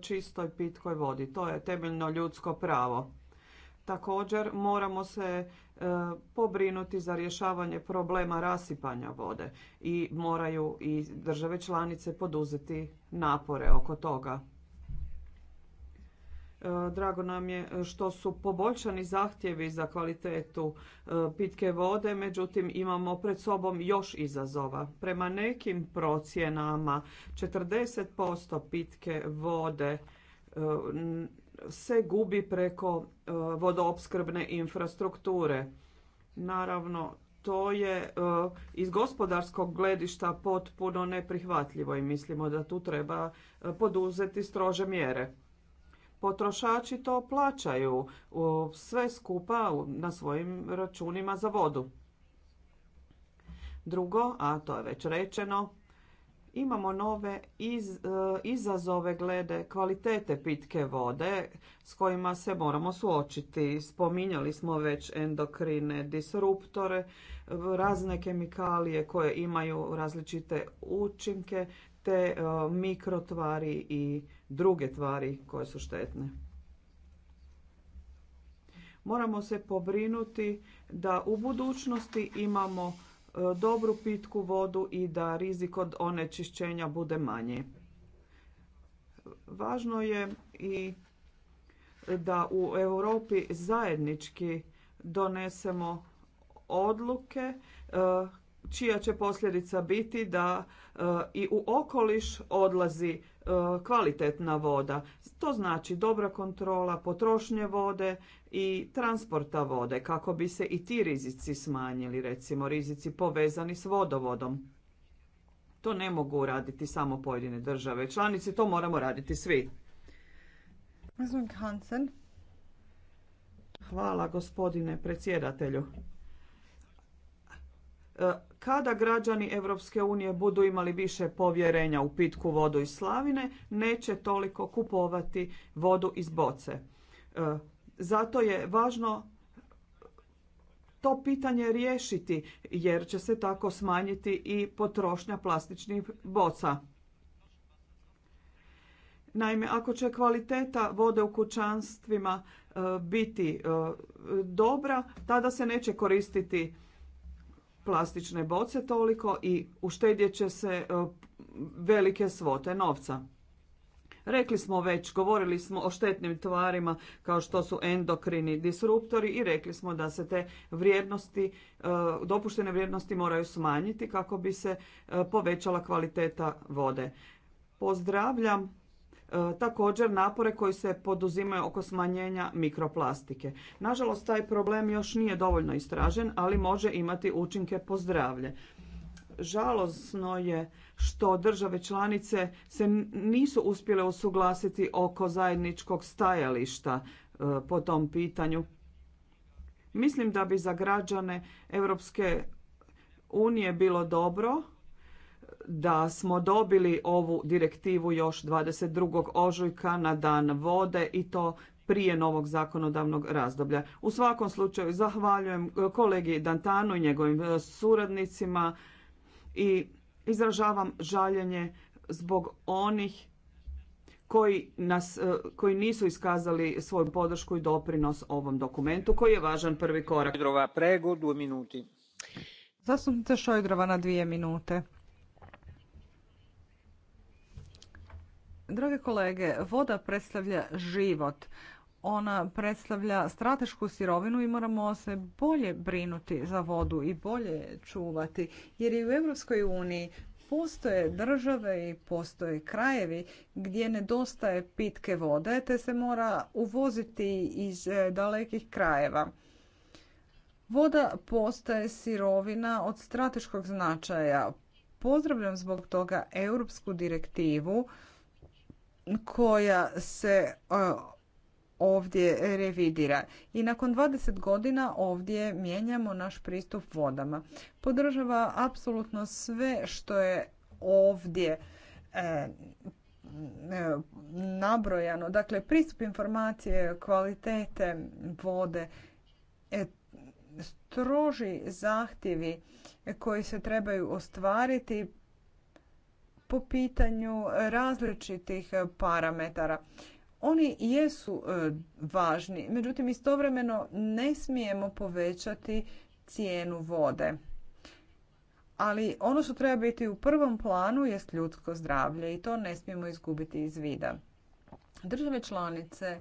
čistoj pitkoj vodi. To je temeljno ljudsko pravo. Također moramo se e, pobrinuti za rješavanje problema rasipanja vode i moraju i države članice poduzeti napore oko toga. E, drago nam je e, što su poboljšani zahtjevi za kvalitetu e, pitke vode, međutim imamo pred sobom još izazova. Prema nekim procjenama 40% pitke vode se gubi preko vodoopskrbne infrastrukture. Naravno, to je iz gospodarskog gledišta potpuno neprihvatljivo i mislimo da tu treba poduzeti strože mjere potrošači to plaćaju sve skupa na svojim računima za vodu. Drugo, a to je već rečeno, imamo nove e, izazove glede kvalitete pitke vode s kojima se moramo suočiti. Spominjali smo već endokrine disruptore, razne kemikalije koje imaju različite učinke te e, mikrotvari i druge tvari koje su štetne. Moramo se pobrinuti da u budućnosti imamo e, dobru pitku vodu i da rizik od onečišćenja bude manji. Važno je i da u Europi zajednički donesemo odluke e, čija će posljedica biti da e, i u okoliš odlazi e, kvalitetna voda. To znači dobra kontrola potrošnje vode i transporta vode kako bi se i ti rizici smanjili, recimo rizici povezani s vodovodom. To ne mogu raditi samo pojedine države članice to moramo raditi svi. Hvala gospodine predsjedatelju. E, kada građani Europske unije budu imali više povjerenja u pitku vodu iz slavine, neće toliko kupovati vodu iz boce. E, zato je važno to pitanje riješiti jer će se tako smanjiti i potrošnja plastičnih boca. Naime, ako će kvaliteta vode u kućanstvima e, biti dobra, tada se neće koristiti plastične boce toliko i uštedjet će se e, velike svote novca. Rekli smo već, govorili smo o štetnim tvarima kao što su endokrini disruptori i rekli smo da se te vrijednosti, e, dopuštene vrijednosti moraju smanjiti kako bi se e, povećala kvaliteta vode. Pozdravljam E, također napore koji se poduzimaju oko smanjenja mikroplastike. Nažalost, taj problem još nije dovoljno istražen, ali može imati učinke po zdravlje. Žalosno je što države članice se nisu uspjele usuglasiti oko zajedničkog stajališta e, po tom pitanju. Mislim da bi za građane Europske unije bilo dobro da smo dobili ovu direktivu još 22. ožujka na dan vode i to prije novog zakonodavnog razdoblja. U svakom slučaju zahvaljujem e, kolegi Dantanu i njegovim e, suradnicima i izražavam žaljenje zbog onih koji, nas, e, koji nisu iskazali svoju podršku i doprinos ovom dokumentu koji je važan prvi korak. Prego, minuti. Šojdrova na dvije minute. Drage kolege, voda predstavlja život. Ona predstavlja stratešku sirovinu i moramo se bolje brinuti za vodu i bolje čuvati. Jer i u Europskoj uniji postoje države i postoje krajevi gdje nedostaje pitke vode te se mora uvoziti iz e, dalekih krajeva. Voda postaje sirovina od strateškog značaja. Pozdravljam zbog toga europsku direktivu koja se e, ovdje revidira. I nakon 20 godina ovdje mijenjamo naš pristup vodama. Podržava apsolutno sve što je ovdje e, e, nabrojano. Dakle, pristup informacije, kvalitete vode, stroži zahtjevi koji se trebaju ostvariti po pitanju različitih parametara. Oni jesu e, važni, međutim istovremeno ne smijemo povećati cijenu vode. Ali ono što treba biti u prvom planu jest ljudsko zdravlje i to ne smijemo izgubiti iz vida. Države članice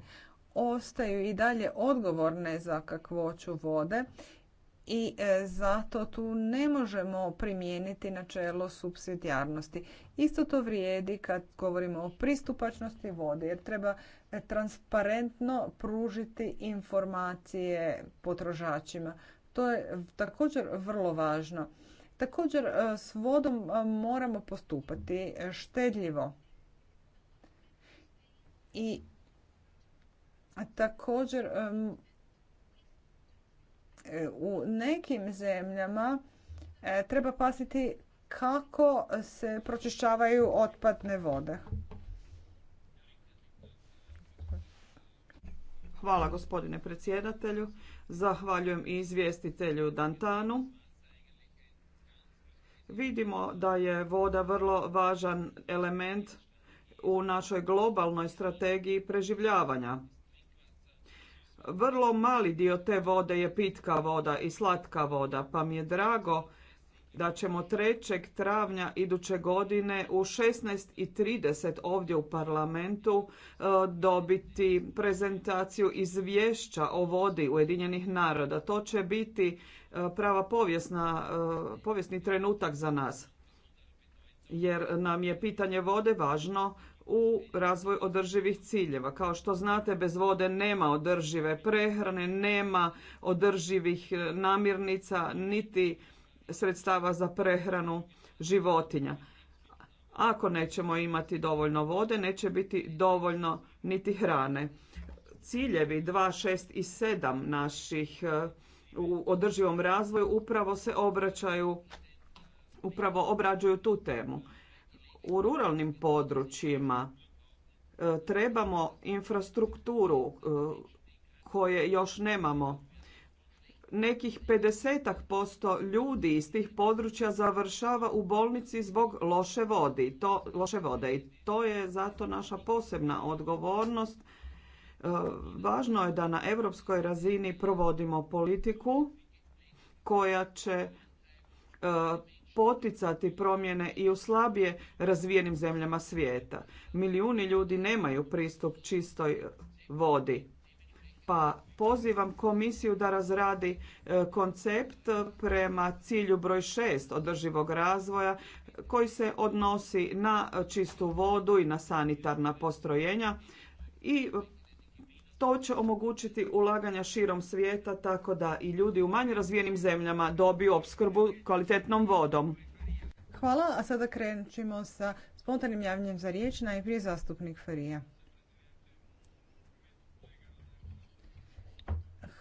ostaju i dalje odgovorne za kakvoću vode i e, zato tu ne možemo primijeniti načelo subsidijarnosti. Isto to vrijedi kad govorimo o pristupačnosti vode jer treba e, transparentno pružiti informacije potrošačima. To je također vrlo važno. Također e, s vodom moramo postupati štedljivo. I također E, u nekim zemljama e, treba pasiti kako se pročišćavaju otpadne vode. Hvala gospodine predsjedatelju. Zahvaljujem i izvjestitelju Dantanu. Vidimo da je voda vrlo važan element u našoj globalnoj strategiji preživljavanja. Vrlo mali dio te vode je pitka voda i slatka voda, pa mi je drago da ćemo 3. travnja iduće godine u 16.30 ovdje u parlamentu e, dobiti prezentaciju izvješća o vodi Ujedinjenih naroda. To će biti e, prava povijesna, e, povijesni trenutak za nas jer nam je pitanje vode važno u razvoj održivih ciljeva. Kao što znate, bez vode nema održive prehrane, nema održivih e, namirnica, niti sredstava za prehranu životinja. Ako nećemo imati dovoljno vode, neće biti dovoljno niti hrane. Ciljevi 2, 6 i 7 naših e, u održivom razvoju upravo se obraćaju, upravo obrađuju tu temu u ruralnim područjima e, trebamo infrastrukturu e, koje još nemamo. Nekih 50% ljudi iz tih područja završava u bolnici zbog loše, vodi, to, loše vode i to je zato naša posebna odgovornost. E, važno je da na europskoj razini provodimo politiku koja će poticati promjene i u slabije razvijenim zemljama svijeta. Milijuni ljudi nemaju pristup čistoj vodi. Pa pozivam komisiju da razradi e, koncept prema cilju broj šest održivog razvoja koji se odnosi na čistu vodu i na sanitarna postrojenja i to će omogućiti ulaganja širom svijeta tako da i ljudi u manje razvijenim zemljama dobiju opskrbu kvalitetnom vodom. Hvala, a sada ćemo sa spontanim javljanjem za riječ, najprije zastupnik Farija.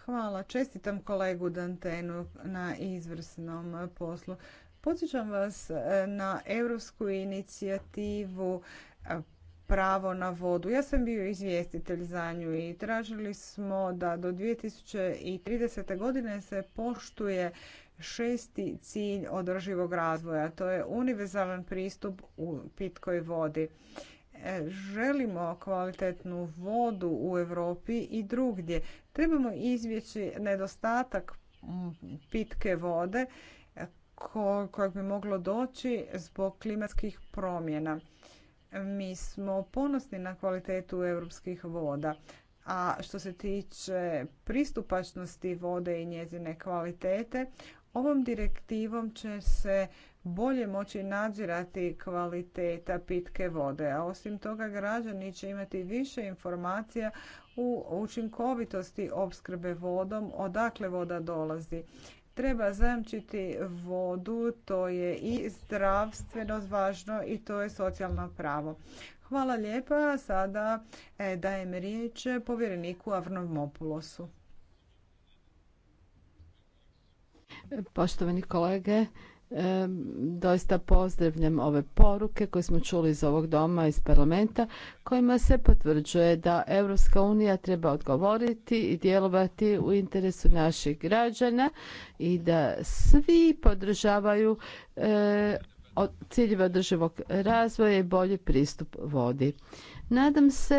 Hvala. Čestitam kolegu Dantenu na izvrsnom poslu. Podsjećam vas eh, na europsku inicijativu eh, pravo na vodu. Ja sam bio izvjestitelj za nju i tražili smo da do 2030. godine se poštuje šesti cilj održivog razvoja. To je univerzalan pristup u pitkoj vodi. E, želimo kvalitetnu vodu u Europi i drugdje. Trebamo izvjeći nedostatak pitke vode kojeg bi moglo doći zbog klimatskih promjena. Mi smo ponosni na kvalitetu europskih voda. A što se tiče pristupačnosti vode i njezine kvalitete, ovom direktivom će se bolje moći nadzirati kvaliteta pitke vode, a osim toga građani će imati više informacija u učinkovitosti opskrbe vodom, odakle voda dolazi. Treba zajamčiti vodu, to je i zdravstveno važno i to je socijalno pravo. Hvala lijepa. Sada e, dajem riječ povjereniku Avnomopulosu. Poštovani kolege, doista pozdravljam ove poruke koje smo čuli iz ovog doma, iz parlamenta, kojima se potvrđuje da Europska unija treba odgovoriti i djelovati u interesu naših građana i da svi podržavaju e, ciljeve održivog razvoja i bolji pristup vodi. Nadam se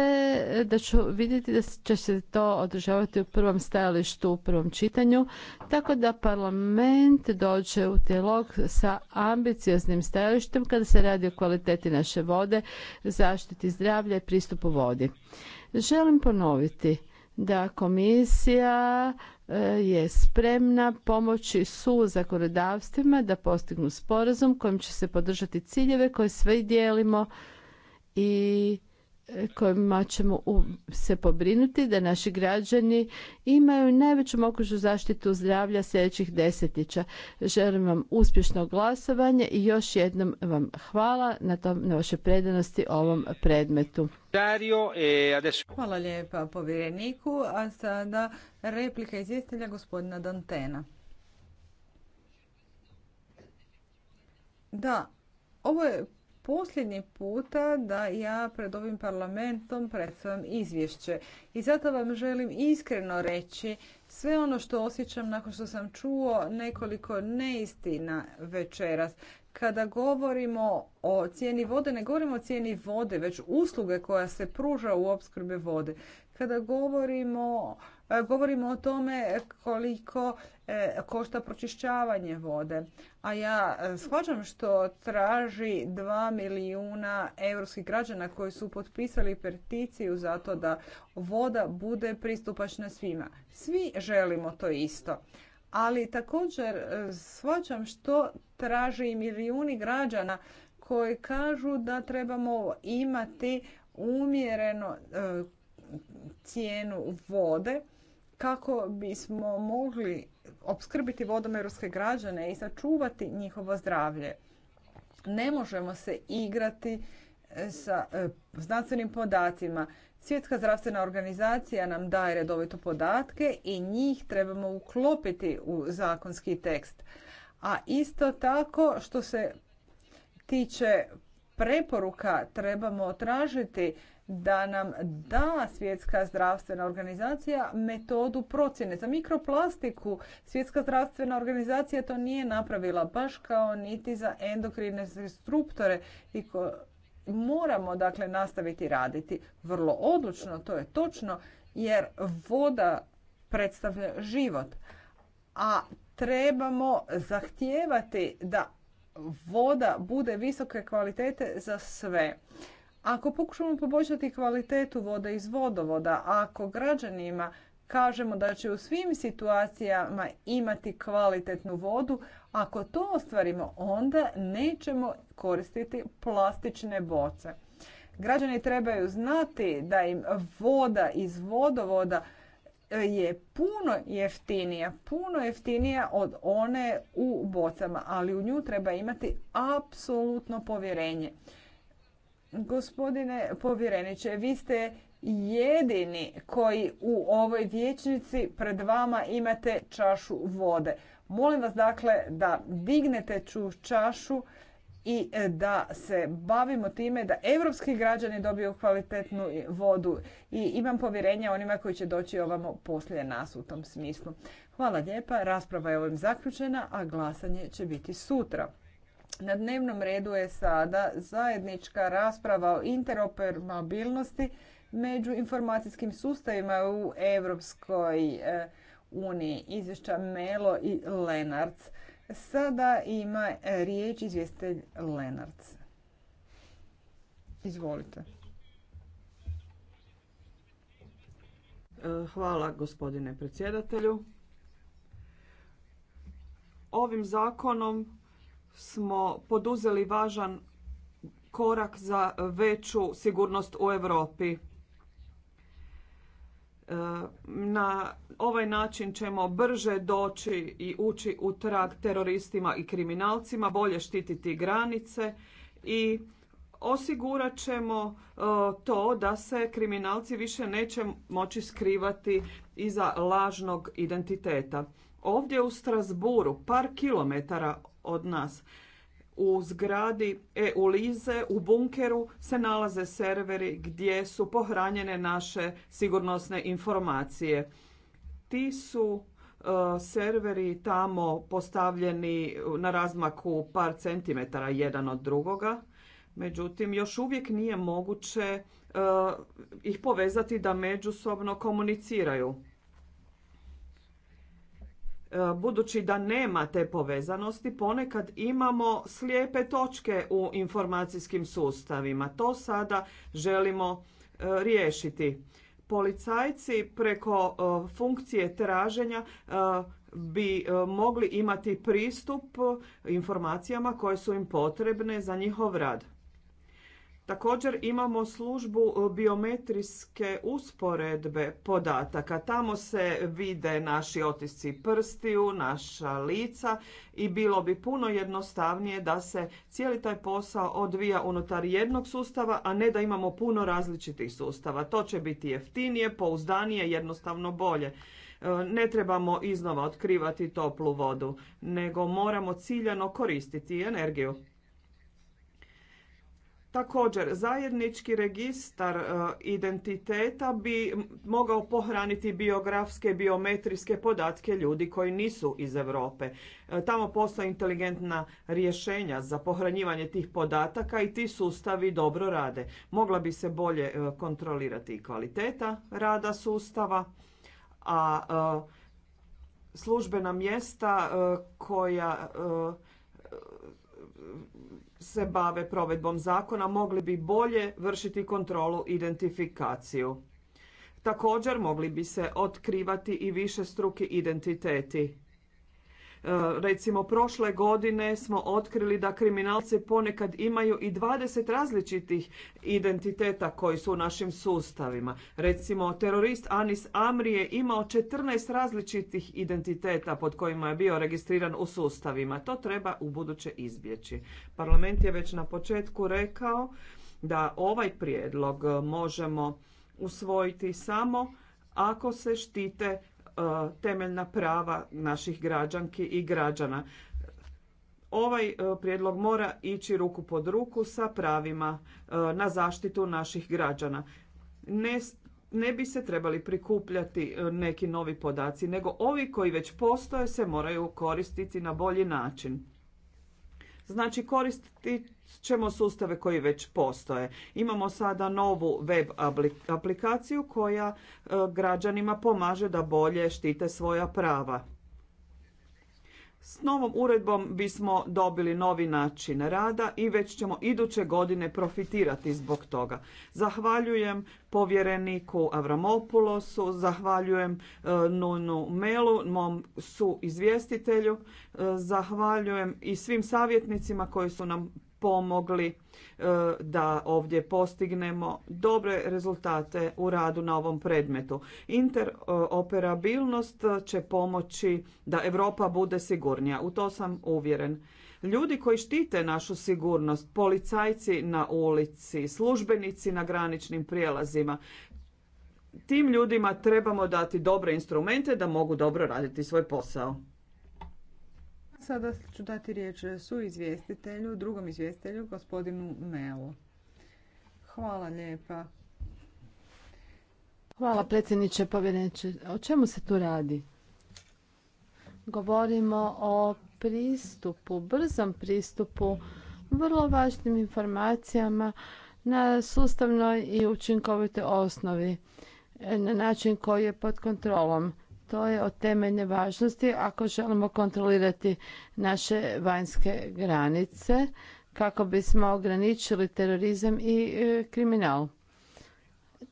e, da ću vidjeti da će se to održavati u prvom stajalištu, u prvom čitanju, tako da parlament dođe u dijalog sa ambicioznim stajalištem kada se radi o kvaliteti naše vode, zaštiti zdravlja i pristupu vodi. Želim ponoviti da komisija e, je spremna pomoći su zakonodavstvima da postignu sporazum kojim će se podržati ciljeve koje sve dijelimo i kojima ćemo se pobrinuti da naši građani imaju najveću moguću zaštitu zdravlja sljedećih desetljeća. Želim vam uspješno glasovanje i još jednom vam hvala na, tom, na vaše predanosti ovom predmetu. E, hvala lijepa povjereniku, a sada replika izvjestelja gospodina Dantena. Da, ovo je posljednji puta da ja pred ovim parlamentom predstavljam izvješće. I zato vam želim iskreno reći sve ono što osjećam nakon što sam čuo nekoliko neistina večeras kada govorimo o cijeni vode, ne govorimo o cijeni vode, već usluge koja se pruža u opskrbi vode. Kada govorimo, e, govorimo o tome koliko e, košta pročišćavanje vode. A ja e, shvaćam što traži 2 milijuna europskih građana koji su potpisali peticiju za to da voda bude pristupačna svima. Svi želimo to isto ali također e, shvaćam što traži i milijuni građana koji kažu da trebamo imati umjereno e, cijenu vode kako bismo mogli opskrbiti vodom europske građane i sačuvati njihovo zdravlje. Ne možemo se igrati e, sa znanstvenim podacima. Svjetska zdravstvena organizacija nam daje redovito podatke i njih trebamo uklopiti u zakonski tekst. A isto tako što se tiče preporuka trebamo tražiti da nam da Svjetska zdravstvena organizacija metodu procjene. Za mikroplastiku Svjetska zdravstvena organizacija to nije napravila, baš kao niti za endokrine strukture i moramo dakle nastaviti raditi vrlo odlučno, to je točno, jer voda predstavlja život. A trebamo zahtijevati da voda bude visoke kvalitete za sve. Ako pokušamo poboljšati kvalitetu vode iz vodovoda, ako građanima kažemo da će u svim situacijama imati kvalitetnu vodu, ako to ostvarimo onda nećemo koristiti plastične boce. Građani trebaju znati da im voda iz vodovoda e, je puno jeftinija, puno jeftinija od one u bocama, ali u nju treba imati apsolutno povjerenje. Gospodine povjereniče, vi ste jedini koji u ovoj vijećnici pred vama imate čašu vode. Molim vas dakle da dignete ču čašu i e, da se bavimo time da evropski građani dobiju kvalitetnu vodu i imam povjerenja onima koji će doći ovamo poslije nas u tom smislu. Hvala lijepa, rasprava je ovim zaključena, a glasanje će biti sutra. Na dnevnom redu je sada zajednička rasprava o interoperabilnosti među informacijskim sustavima u Europskoj eh, uniji. Izvješća Melo i Lenarc. Sada ima eh, riječ izvjestelj Lenarc. Izvolite. Eh, hvala gospodine predsjedatelju. Ovim zakonom smo poduzeli važan korak za veću sigurnost u Europi. E, na ovaj način ćemo brže doći i ući u trag teroristima i kriminalcima, bolje štititi granice i osigurat ćemo e, to da se kriminalci više neće moći skrivati iza lažnog identiteta. Ovdje u Strasburu, par kilometara od nas, u zgradi EU-lize, u bunkeru se nalaze serveri gdje su pohranjene naše sigurnosne informacije. Ti su e, serveri tamo postavljeni na razmaku par centimetara jedan od drugoga. Međutim, još uvijek nije moguće e, ih povezati da međusobno komuniciraju. E, budući da nema te povezanosti, ponekad imamo slijepe točke u informacijskim sustavima. To sada želimo e, riješiti. Policajci preko e, funkcije traženja bi mogli imati pristup informacijama koje su im potrebne za njihov rad. Također imamo službu e, biometrijske usporedbe podataka. Tamo se vide naši otisci prstiju, naša lica i bilo bi puno jednostavnije da se cijeli taj posao odvija unutar jednog sustava, a ne da imamo puno različitih sustava. To će biti jeftinije, pouzdanije, jednostavno bolje. E, ne trebamo iznova otkrivati toplu vodu, nego moramo ciljano koristiti energiju. Također, zajednički registar e, identiteta bi mogao pohraniti biografske, biometrijske podatke ljudi koji nisu iz Europe. E, tamo postoje inteligentna rješenja za pohranjivanje tih podataka i ti sustavi dobro rade. Mogla bi se bolje e, kontrolirati i kvaliteta rada sustava, a službena mjesta koja se bave provedbom zakona mogli bi bolje vršiti kontrolu identifikaciju. Također mogli bi se otkrivati i više struki identiteti E, recimo, prošle godine smo otkrili da kriminalci ponekad imaju i 20 različitih identiteta koji su u našim sustavima. Recimo, terorist Anis Amri je imao 14 različitih identiteta pod kojima je bio registriran u sustavima. To treba u buduće izbjeći. Parlament je već na početku rekao da ovaj prijedlog možemo usvojiti samo ako se štite E, temeljna prava naših građanki i građana. Ovaj e, prijedlog mora ići ruku pod ruku sa pravima e, na zaštitu naših građana. Ne ne bi se trebali prikupljati neki novi podaci, nego ovi koji već postoje se moraju koristiti na bolji način. Znači koristit ćemo sustave koji već postoje. Imamo sada novu web aplikaciju koja e, građanima pomaže da bolje štite svoja prava. S novom uredbom bismo dobili novi način rada i već ćemo iduće godine profitirati zbog toga. Zahvaljujem povjereniku Avramopulosu, zahvaljujem e, Nunu Melu, mom su izvjestitelju, e, zahvaljujem i svim savjetnicima koji su nam pomogli e, da ovdje postignemo dobre rezultate u radu na ovom predmetu. Interoperabilnost će pomoći da Europa bude sigurnija. U to sam uvjeren. Ljudi koji štite našu sigurnost, policajci na ulici, službenici na graničnim prijelazima, tim ljudima trebamo dati dobre instrumente da mogu dobro raditi svoj posao. Sada ću dati riječ su izvjestitelju, drugom izvjestitelju, gospodinu Melu. Hvala lijepa. Hvala predsjedniče povjereniče. O čemu se tu radi? Govorimo o pristupu, brzom pristupu, vrlo važnim informacijama na sustavnoj i učinkovitoj osnovi, na način koji je pod kontrolom. To je od temeljne važnosti ako želimo kontrolirati naše vanjske granice kako bismo ograničili terorizam i e, kriminal.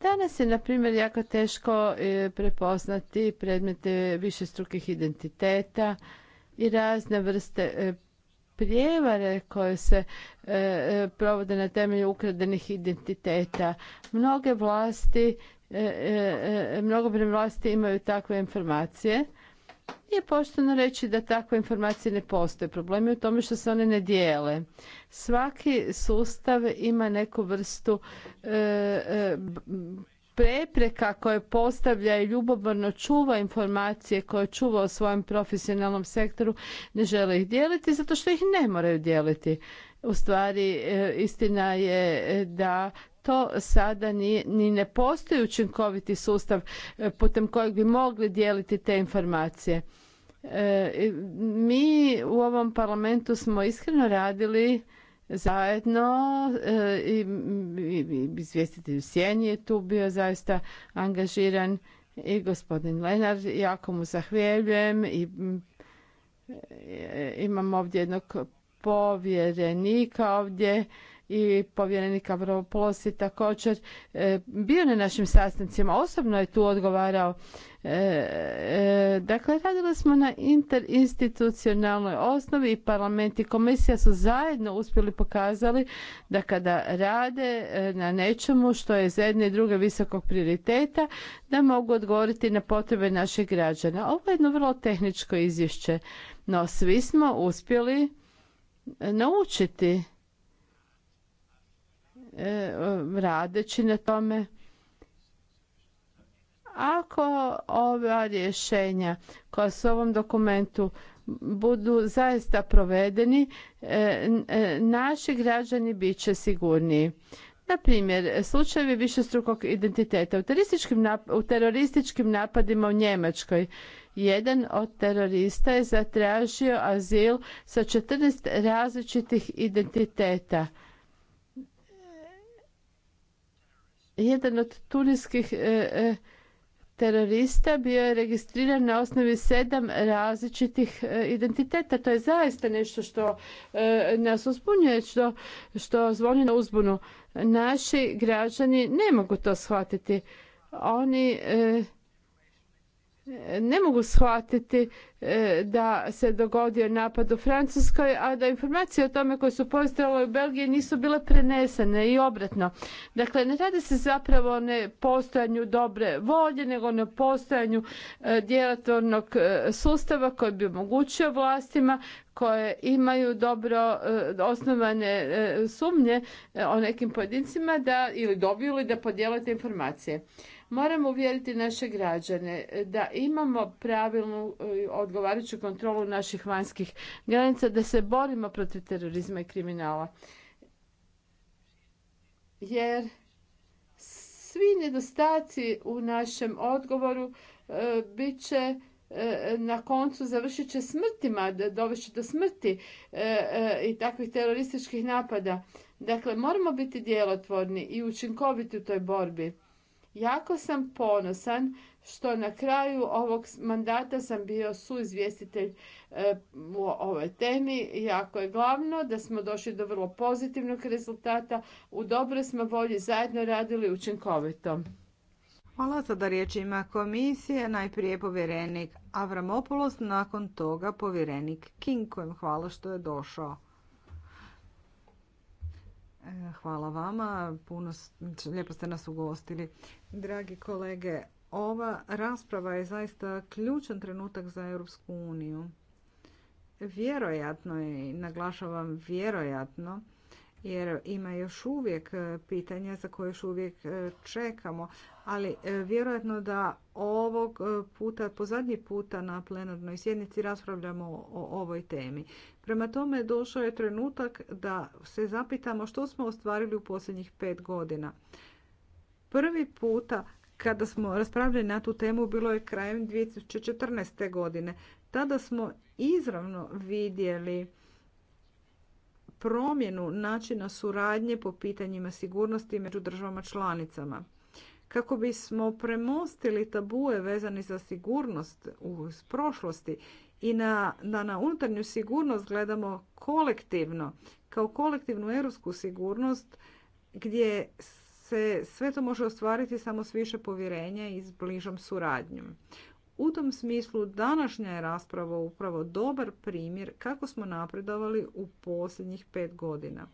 Danas je, na primjer, jako teško e, prepoznati predmete višestrukih identiteta i razne vrste e, prijevare koje se provode na temelju ukradenih identiteta. Mnoge vlasti E, e, e, mnogobrojne vlasti imaju takve informacije. je pošteno reći da takve informacije ne postoje. Problem je u tome što se one ne dijele. Svaki sustav ima neku vrstu prepreka koje postavlja i ljubomorno čuva informacije koje čuva u svojem profesionalnom sektoru ne žele ih dijeliti zato što ih ne moraju dijeliti. U stvari istina je da to sada ni, ne postoji učinkoviti sustav e, putem kojeg bi mogli dijeliti te informacije. E, mi u ovom parlamentu smo iskreno radili zajedno e, i izvjestitelj u Sjeni je tu bio zaista angažiran i gospodin Lenar, jako mu zahvaljujem i imam ovdje jednog povjerenika ovdje i povjerenik Avropolos je također e, bio na našim sastancima, osobno je tu odgovarao. E, e, dakle, radili smo na interinstitucionalnoj osnovi i parlament i komisija su zajedno uspjeli pokazali da kada rade na nečemu što je za jedne i druge visokog prioriteta, da mogu odgovoriti na potrebe naših građana. Ovo je jedno vrlo tehničko izvješće, no svi smo uspjeli naučiti E, radeći na tome. Ako ova rješenja koja su u ovom dokumentu budu zaista provedeni, e, e, naši građani bit će sigurniji. Na primjer, slučajevi višestrukog identiteta u terorističkim, u terorističkim napadima u Njemačkoj. Jedan od terorista je zatražio azil sa 14 različitih identiteta. Jedan od turijskih e, e, terorista bio je registriran na osnovi sedam različitih e, identiteta. To je zaista nešto što nas uzbunjuje, što, što zvoni na uzbunu. Naši građani ne mogu to shvatiti. Oni ne mogu shvatiti e, da se dogodio napad u Francuskoj, a da informacije o tome koje su postojale u Belgiji nisu bile prenesene i obratno. Dakle, ne radi se zapravo o nepostojanju dobre volje, nego o nepostojanju e, djelatornog e, sustava koji bi omogućio vlastima koje imaju dobro osnovane sumnje o nekim pojedincima da ili dobiju da podijele te informacije. Moramo uvjeriti naše građane e, da imamo pravilnu e, odgovarajuću kontrolu naših vanjskih granica, da se borimo protiv terorizma i kriminala. Jer svi nedostaci u našem odgovoru e, bit će na koncu završit će smrtima, dovešće do smrti i takvih terorističkih napada. Dakle, moramo biti djelotvorni i učinkoviti u toj borbi. Jako sam ponosan što na kraju ovog mandata sam bio suizvjestitelj e, u ovoj temi. Jako je glavno da smo došli do vrlo pozitivnog rezultata. U dobroj smo volji zajedno radili učinkovito. Hvala da riječ ima komisije, najprije povjerenik Avramopoulos, nakon toga povjerenik King kojem hvala što je došao. Hvala vama, puno, lijepo ste nas ugostili. Dragi kolege, ova rasprava je zaista ključan trenutak za Europsku uniju. Vjerojatno je, naglašavam vjerojatno, jer ima još uvijek e, pitanja za koje još uvijek e, čekamo, ali e, vjerojatno da ovog puta, po zadnji puta na plenarnoj sjednici raspravljamo o ovoj temi. Prema tome, došao je trenutak da se zapitamo što smo ostvarili u posljednjih pet godina. Prvi puta kada smo raspravljali na tu temu bilo je krajem 2014. godine. Tada smo izravno vidjeli promjenu načina suradnje po pitanjima sigurnosti među državama članicama. Kako bismo premostili tabue vezani za sigurnost u prošlosti i na, da na unutarnju sigurnost gledamo kolektivno, kao kolektivnu europsku sigurnost gdje se sve to može ostvariti samo s više povjerenja i s bližom suradnjom. U tom smislu današnja je rasprava upravo dobar primjer kako smo napredovali u posljednjih pet godina.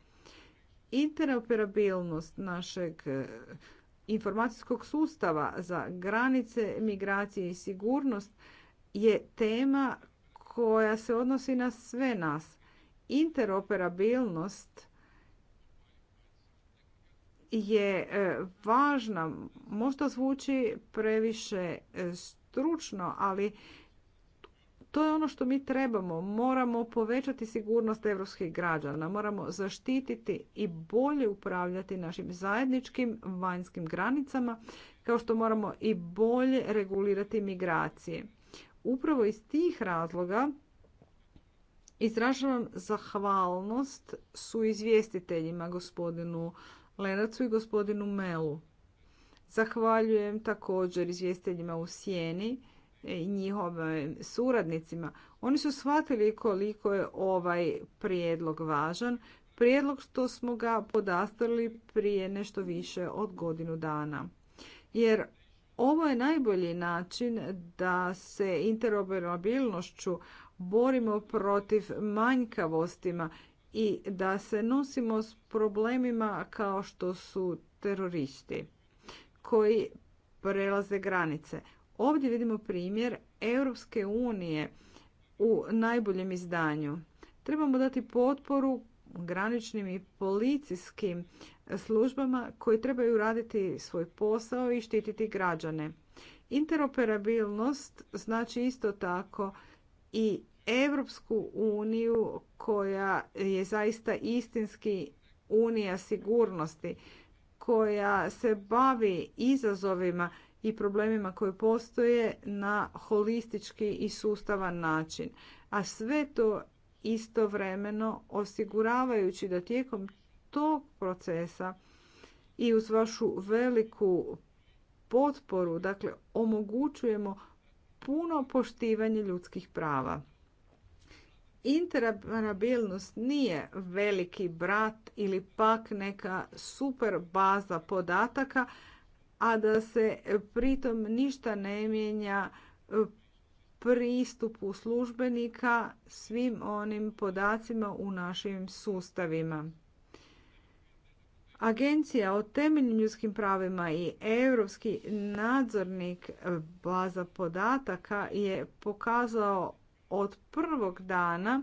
Interoperabilnost našeg e, informacijskog sustava za granice, migracije i sigurnost je tema koja se odnosi na sve nas. Interoperabilnost je e, važna, možda zvuči previše e, stručno, ali to je ono što mi trebamo. Moramo povećati sigurnost evropskih građana, moramo zaštititi i bolje upravljati našim zajedničkim vanjskim granicama, kao što moramo i bolje regulirati migracije. Upravo iz tih razloga izražavam zahvalnost su izvjestiteljima gospodinu Lenacu i gospodinu Melu. Zahvaljujem također izvjestiteljima u Sjeni i njihovim suradnicima. Oni su shvatili koliko je ovaj prijedlog važan. Prijedlog što smo ga podastrli prije nešto više od godinu dana. Jer ovo je najbolji način da se interoperabilnošću borimo protiv manjkavostima i da se nosimo s problemima kao što su teroristi koji prelaze granice. Ovdje vidimo primjer Europske unije u najboljem izdanju. Trebamo dati potporu graničnim i policijskim službama koji trebaju raditi svoj posao i štititi građane. Interoperabilnost znači isto tako i Europsku uniju koja je zaista istinski unija sigurnosti, koja se bavi izazovima i problemima koji postoje na holistički i sustavan način. A sve to istovremeno osiguravajući da tijekom tog procesa i uz vašu veliku potporu dakle omogućujemo puno poštivanje ljudskih prava. Interoperabilnost nije veliki brat ili pak neka super baza podataka, a da se pritom ništa ne mijenja pristupu službenika svim onim podacima u našim sustavima. Agencija o temeljnim ljudskim pravima i europski nadzornik baza podataka je pokazao od prvog dana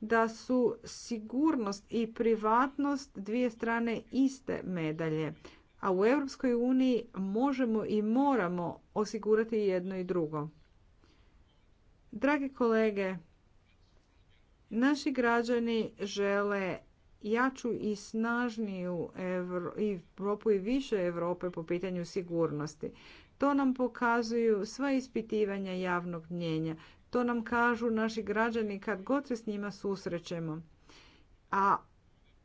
da su sigurnost i privatnost dvije strane iste medalje, a u Europskoj uniji možemo i moramo osigurati jedno i drugo. Dragi kolege, naši građani žele jaču i snažniju Europu i više Europe po pitanju sigurnosti. To nam pokazuju sva ispitivanja javnog mnjenja. To nam kažu naši građani kad god se s njima susrećemo. A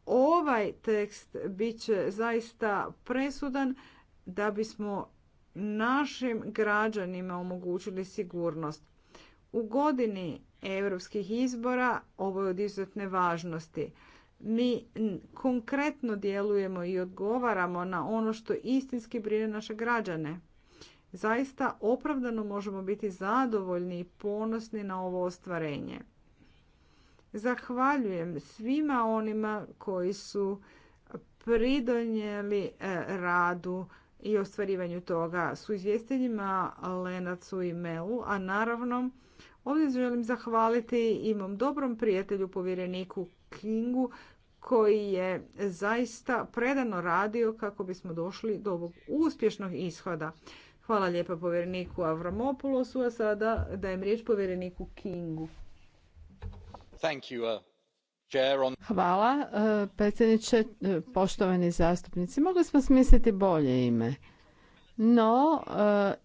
ovaj tekst bit će zaista presudan da bismo našim građanima omogućili sigurnost. U godini europskih izbora ovo je od izuzetne važnosti. Mi konkretno djelujemo i odgovaramo na ono što istinski brine naše građane. Zaista opravdano možemo biti zadovoljni i ponosni na ovo ostvarenje. Zahvaljujem svima onima koji su pridonijeli e, radu i ostvarivanju toga su izvjestiteljima Lenacu i Melu, a naravno Ovdje želim zahvaliti i mom dobrom prijatelju povjereniku Kingu koji je zaista predano radio kako bismo došli do ovog uspješnog ishoda. Hvala lijepa povjereniku Avramopoulosu, a sada dajem riječ povjereniku Kingu. Thank you, uh, Hvala uh, predsjedniče, uh, poštovani zastupnici. Mogli smo smisliti bolje ime. No,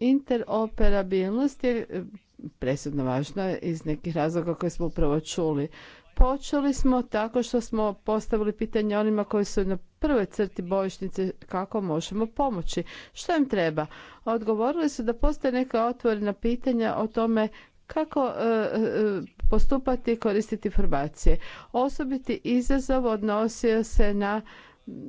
interoperabilnost je presudno važna iz nekih razloga koje smo upravo čuli. Počeli smo tako što smo postavili pitanje onima koji su na prvoj crti bojišnice kako možemo pomoći, što im treba. Odgovorili su da postoje neka otvorena pitanja o tome kako e, e, postupati i koristiti informacije. Osobiti izazov odnosio se na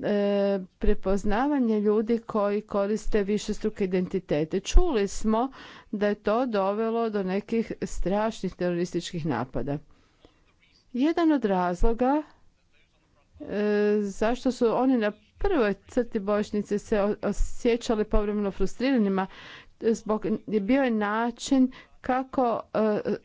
E, prepoznavanje ljudi koji koriste višestruke identitete. Čuli smo da je to dovelo do nekih strašnih terorističkih napada. Jedan od razloga e, zašto su oni na prvoj crti bojišnice se osjećali povremeno frustriranima e, zbog bio je način kako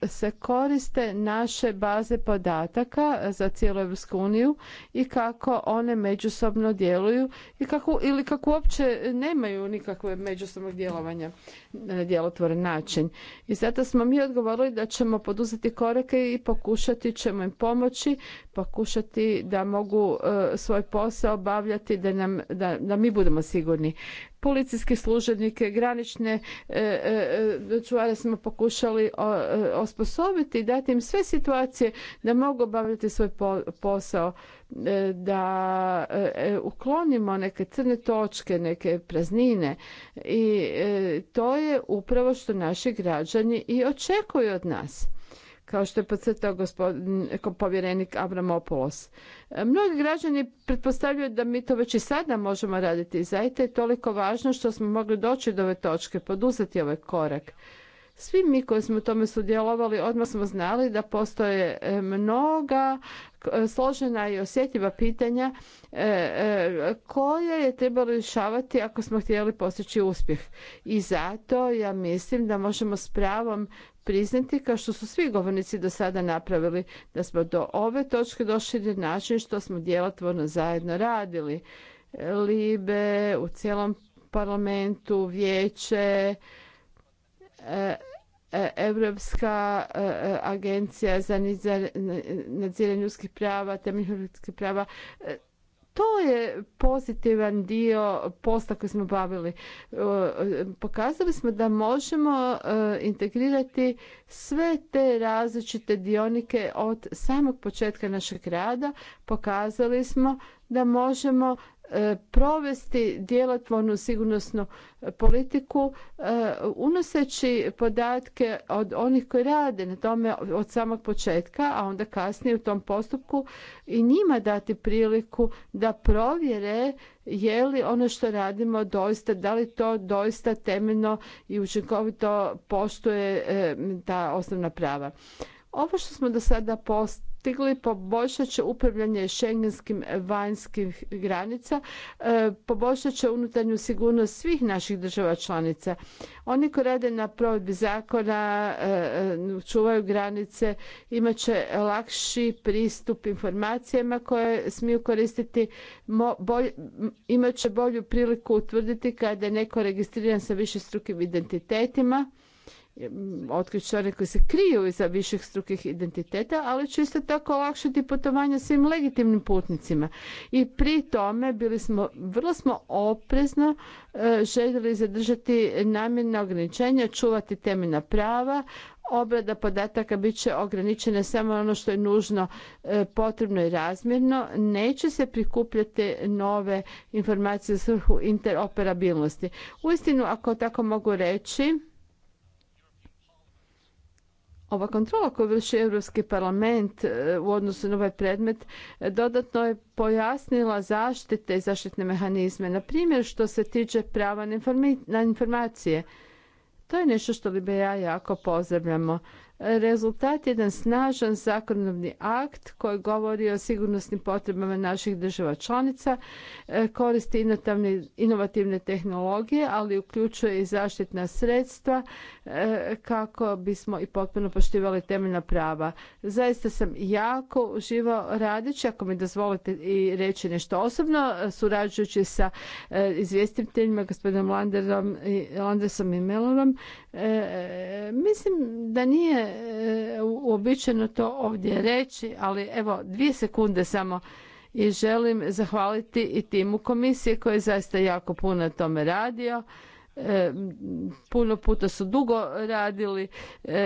e, se koriste naše baze podataka za cijelu Europsku uniju i kako one međusobno djeluju i kako, ili kako uopće nemaju nikakve međusobnog djelovanja na e, djelotvoren način. I zato smo mi odgovorili da ćemo poduzeti korake i pokušati ćemo im pomoći, pokušati da mogu e, svoj posao obavljati da, nam, da, da mi budemo sigurni policijske službenike, granične e, e, e, čuvare smo pokušali osposobiti, dati im sve situacije da mogu obavljati svoj posao, da uklonimo neke crne točke, neke praznine i to je upravo što naši građani i očekuju od nas kao što je podcrtao gospodin povjerenik Abramopoulos. E, mnogi građani pretpostavljaju da mi to već i sada možemo raditi. Zaista je toliko važno što smo mogli doći do ove točke, poduzeti ovaj korak. Svi mi koji smo u tome sudjelovali odmah smo znali da postoje e, mnoga e, složena i osjetljiva pitanja e, koje je trebalo rješavati ako smo htjeli postići uspjeh. I zato ja mislim da možemo s pravom priznati kao što su svi govornici do sada napravili da smo do ove točke došli na način što smo djelotvorno zajedno radili. Libe, u cijelom parlamentu, vijeće, Europska e, e, agencija za nadziranje ljudskih prava, temeljnih ljudskih prava, e, to je pozitivan dio posla koji smo bavili. Pokazali smo da možemo integrirati sve te različite dionike od samog početka našeg rada. Pokazali smo da možemo E, provesti djelotvornu sigurnosnu politiku e, unoseći podatke od onih koji rade na tome od samog početka, a onda kasnije u tom postupku i njima dati priliku da provjere je li ono što radimo doista, da li to doista temeljno i učinkovito poštuje e, ta osnovna prava. Ovo što smo do sada post postigli poboljšat će upravljanje šengenskim vanjskih granica, e, poboljšat će unutarnju sigurnost svih naših država članica. Oni koji rade na provedbi zakona, e, e, čuvaju granice, imat će lakši pristup informacijama koje smiju koristiti, imat će bolju priliku utvrditi kada je neko registriran sa višestrukim identitetima Mm, otkriti one koji se kriju iza viših strukih identiteta, ali će isto tako olakšati putovanja svim legitimnim putnicima. I pri tome bili smo, vrlo smo oprezno e, željeli zadržati namjerne ograničenja, čuvati temeljna prava, obrada podataka bit će ograničena samo ono što je nužno e, potrebno i razmjerno. Neće se prikupljati nove informacije u svrhu interoperabilnosti. Uistinu, ako tako mogu reći, ova kontrola koju vrši Europski parlament e, u odnosu na ovaj predmet e, dodatno je pojasnila zaštite i zaštitne mehanizme. Na primjer, što se tiče prava na informacije. To je nešto što bi ja jako pozdravljamo. Rezultat je jedan snažan zakonodavni akt koji govori o sigurnosnim potrebama naših država članica, e, koristi inovativne tehnologije, ali uključuje i zaštitna sredstva e, kako bismo i potpuno poštivali temeljna prava. Zaista sam jako uživao radići, ako mi dozvolite i reći nešto osobno, e, surađujući sa izvjestiteljima, gospodinom Landersom i Melorom, E, mislim da nije e, uobičajeno to ovdje reći, ali evo dvije sekunde samo i želim zahvaliti i timu komisije koji je zaista jako puno na tome radio. E, puno puta su dugo radili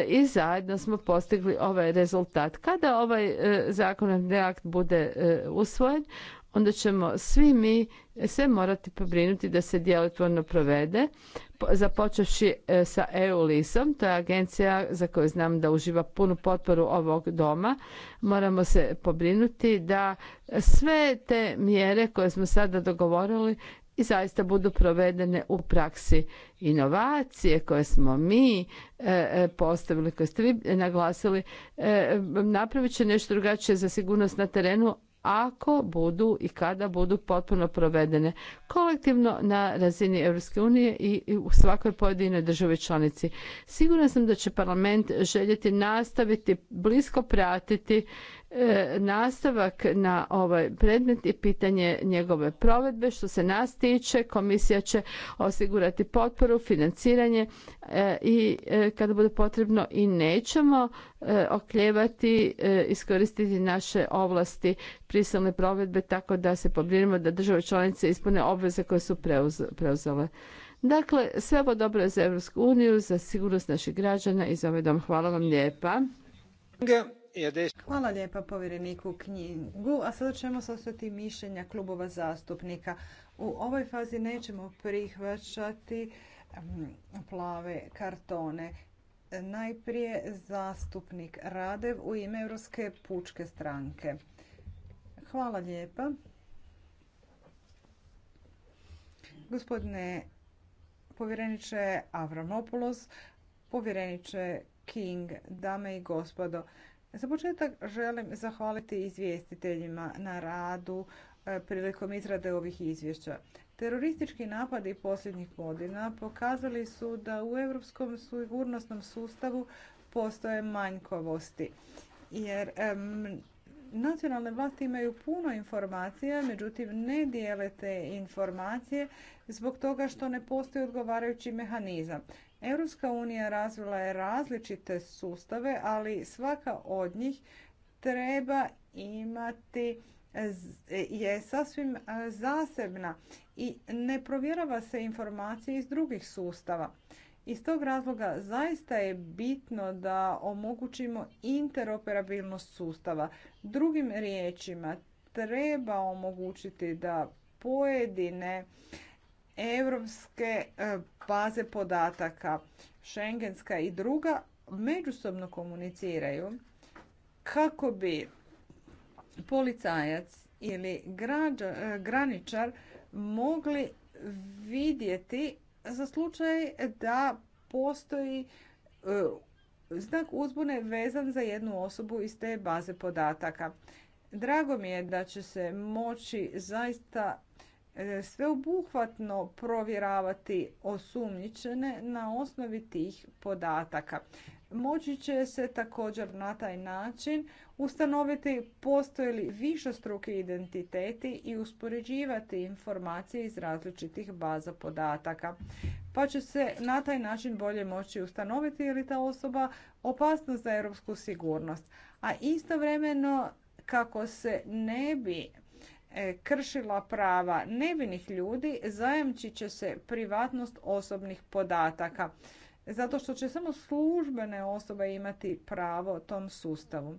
i zajedno smo postigli ovaj rezultat. Kada ovaj zakonodavni akt bude usvojen, onda ćemo svi mi sve morati pobrinuti da se djelotvorno provede, započevši e, sa EU-lisom, to je agencija za koju znam da uživa punu potporu ovog doma. Moramo se pobrinuti da sve te mjere koje smo sada dogovorili i zaista budu provedene u praksi inovacije koje smo mi e, e, postavili, koje ste vi naglasili, napravit će nešto drugačije za sigurnost na terenu, ako budu i kada budu potpuno provedene kolektivno na razini Europske unije i u svakoj pojedinoj državi članici. Sigurna sam da će parlament željeti nastaviti blisko pratiti E, nastavak na ovaj predmet i pitanje njegove provedbe. Što se nas tiče, komisija će osigurati potporu, financiranje e, i e, kada bude potrebno i nećemo okljevati, iskoristiti naše ovlasti prisilne provedbe tako da se pobrinimo da države članice ispune obveze koje su preuzele. Dakle, sve ovo dobro je za Europsku uniju, za sigurnost naših građana i za ovaj dom. Hvala vam lijepa. Hvala lijepa povjereniku Knjigu, a sada ćemo sastati mišljenja klubova zastupnika. U ovoj fazi nećemo prihvaćati mm, plave kartone. Najprije zastupnik Radev u ime Europske pučke stranke. Hvala lijepa. Gospodine povjereniče Avramopoulos, povjereniče King, dame i gospodo. Za početak želim zahvaliti izvjestiteljima na radu e, prilikom izrade ovih izvješća. Teroristički napadi posljednjih godina pokazali su da u europskom sigurnosnom sustavu postoje manjkovosti. Jer nacionalne vlasti imaju puno informacija, međutim ne dijele te informacije zbog toga što ne postoji odgovarajući mehanizam. Europska unija razvila je različite sustave, ali svaka od njih treba imati je sasvim e, zasebna i ne provjerava se informacije iz drugih sustava. Iz tog razloga zaista je bitno da omogućimo interoperabilnost sustava. Drugim riječima, treba omogućiti da pojedine europske e, baze podataka, šengenska i druga, međusobno komuniciraju kako bi policajac ili e, graničar mogli vidjeti za slučaj da postoji e, znak uzbune vezan za jednu osobu iz te baze podataka. Drago mi je da će se moći zaista E, sveobuhvatno provjeravati osumnjičene na osnovi tih podataka. Moći će se također na taj način ustanoviti postoje li višestruki identiteti i uspoređivati informacije iz različitih baza podataka. Pa će se na taj način bolje moći ustanoviti je ta osoba opasnost za europsku sigurnost. A istovremeno kako se ne bi E, kršila prava nevinih ljudi, zajamčit će se privatnost osobnih podataka. Zato što će samo službene osobe imati pravo tom sustavu.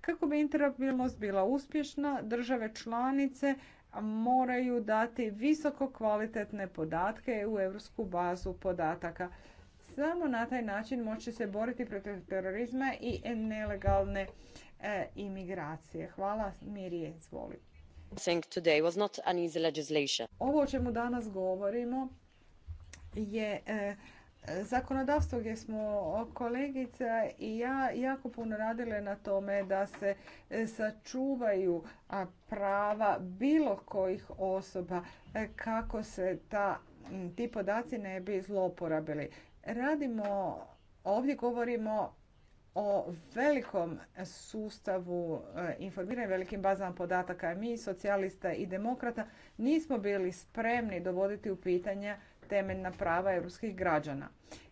Kako bi interoperabilnost bila uspješna, države članice moraju dati visoko kvalitetne podatke u europsku bazu podataka. Samo na taj način moći se boriti protiv terorizma i nelegalne e, imigracije. Hvala, Mirije, izvolite. Ovo o čemu danas govorimo je e, zakonodavstvo gdje smo kolegica i ja jako puno radile na tome da se e, sačuvaju prava bilo kojih osoba e, kako se ta, ti podaci ne bi zloporabili. Radimo, ovdje govorimo o velikom sustavu e, informiranja, velikim bazama podataka. Mi, socijalista i demokrata, nismo bili spremni dovoditi u pitanje temeljna prava europskih građana.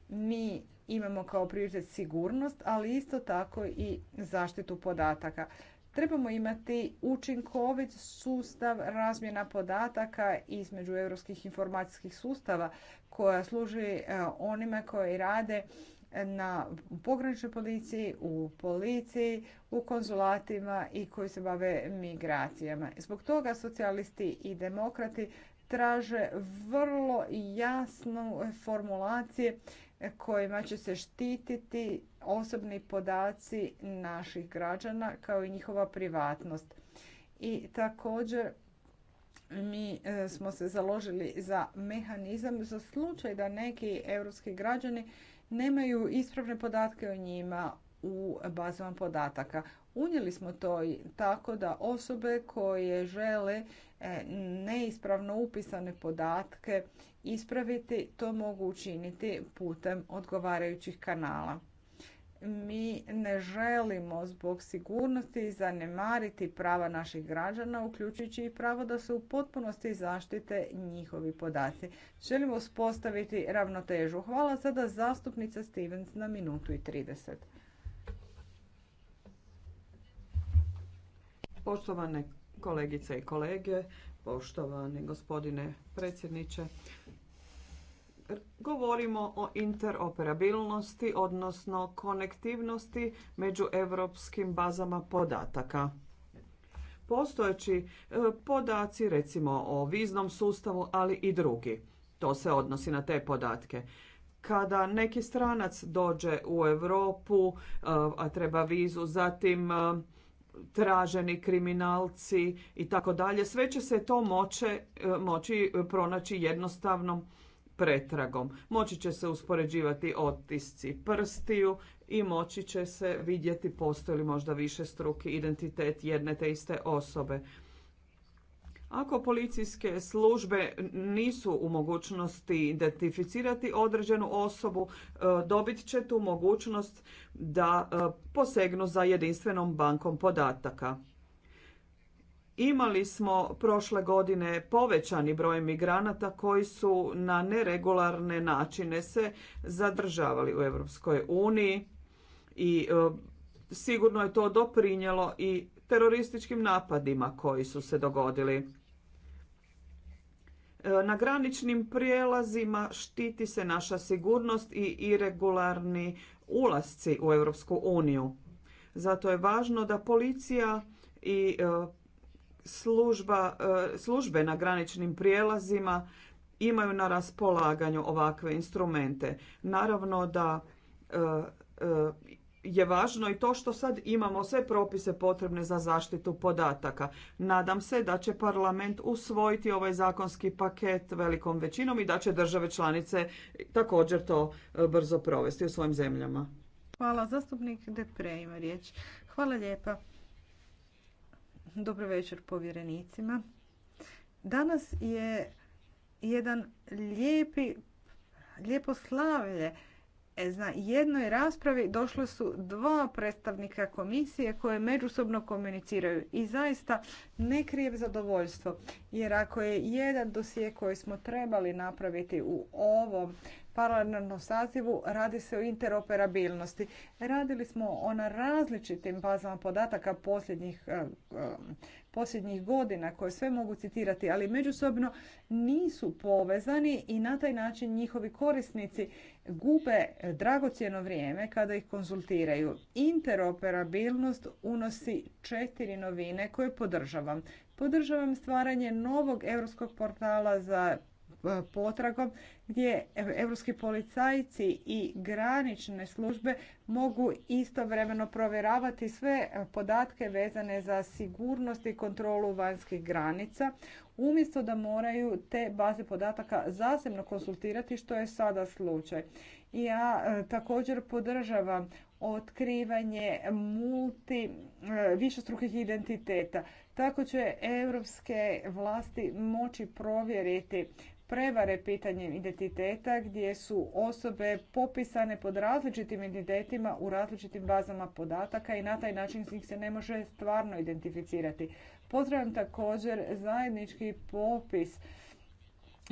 Mi imamo kao prioritet sigurnost, ali isto tako i zaštitu podataka. Trebamo imati učinkovit sustav razmjena podataka između europskih informacijskih sustava koja služi e, onima koji rade na pograničnoj policiji, u policiji, u konzulatima i koji se bave migracijama. Zbog toga socijalisti i demokrati traže vrlo jasnu formulacije kojima će se štititi osobni podaci naših građana kao i njihova privatnost. I također mi e, smo se založili za mehanizam za slučaj da neki evropski građani nemaju ispravne podatke o njima u bazama podataka. Unijeli smo to i tako da osobe koje žele e, neispravno upisane podatke ispraviti to mogu učiniti putem odgovarajućih kanala mi ne želimo zbog sigurnosti zanemariti prava naših građana, uključujući i pravo da se u potpunosti zaštite njihovi podaci. Želimo uspostaviti ravnotežu. Hvala sada zastupnica Stevens na minutu i 30. Poštovane kolegice i kolege, poštovani gospodine predsjedniče, Govorimo o interoperabilnosti, odnosno konektivnosti među europskim bazama podataka. Postojeći e, podaci, recimo o viznom sustavu, ali i drugi. To se odnosi na te podatke. Kada neki stranac dođe u Europu, e, a treba vizu, zatim e, traženi kriminalci i tako dalje, sve će se to moći, pronaći jednostavnom pretragom. Moći će se uspoređivati otisci prstiju i moći će se vidjeti postoji li možda više struki identitet jedne te iste osobe. Ako policijske službe nisu u mogućnosti identificirati određenu osobu, e, dobit će tu mogućnost da e, posegnu za jedinstvenom bankom podataka. Imali smo prošle godine povećani broj migranata koji su na neregularne načine se zadržavali u Europskoj uniji i e, sigurno je to doprinjelo i terorističkim napadima koji su se dogodili. E, na graničnim prijelazima štiti se naša sigurnost i irregularni ulasci u Europsku uniju. Zato je važno da policija i e, služba, e, službe na graničnim prijelazima imaju na raspolaganju ovakve instrumente. Naravno da e, e, je važno i to što sad imamo sve propise potrebne za zaštitu podataka. Nadam se da će parlament usvojiti ovaj zakonski paket velikom većinom i da će države članice također to brzo provesti u svojim zemljama. Hvala. Zastupnik Depre ima riječ. Hvala lijepa. Dobro večer povjerenicima. Danas je jedan lijepi, lijepo slavlje. E, Na jednoj raspravi došlo su dva predstavnika komisije koje međusobno komuniciraju i zaista ne krije zadovoljstvo. Jer ako je jedan dosije koji smo trebali napraviti u ovom paralelnom sazivu radi se o interoperabilnosti. Radili smo o na različitim bazama podataka posljednjih, e, e, posljednjih godina koje sve mogu citirati, ali međusobno nisu povezani i na taj način njihovi korisnici gube dragocjeno vrijeme kada ih konzultiraju. Interoperabilnost unosi četiri novine koje podržavam. Podržavam stvaranje novog europskog portala za e, potragom gdje europski policajci i granične službe mogu istovremeno provjeravati sve podatke vezane za sigurnost i kontrolu vanjskih granica, umjesto da moraju te baze podataka zasebno konsultirati, što je sada slučaj. Ja e, također podržavam otkrivanje multi e, višestrukih identiteta. Tako će evropske vlasti moći provjeriti prevare pitanjem identiteta gdje su osobe popisane pod različitim identitetima u različitim bazama podataka i na taj način ih se ne može stvarno identificirati. Pozdravljam također zajednički popis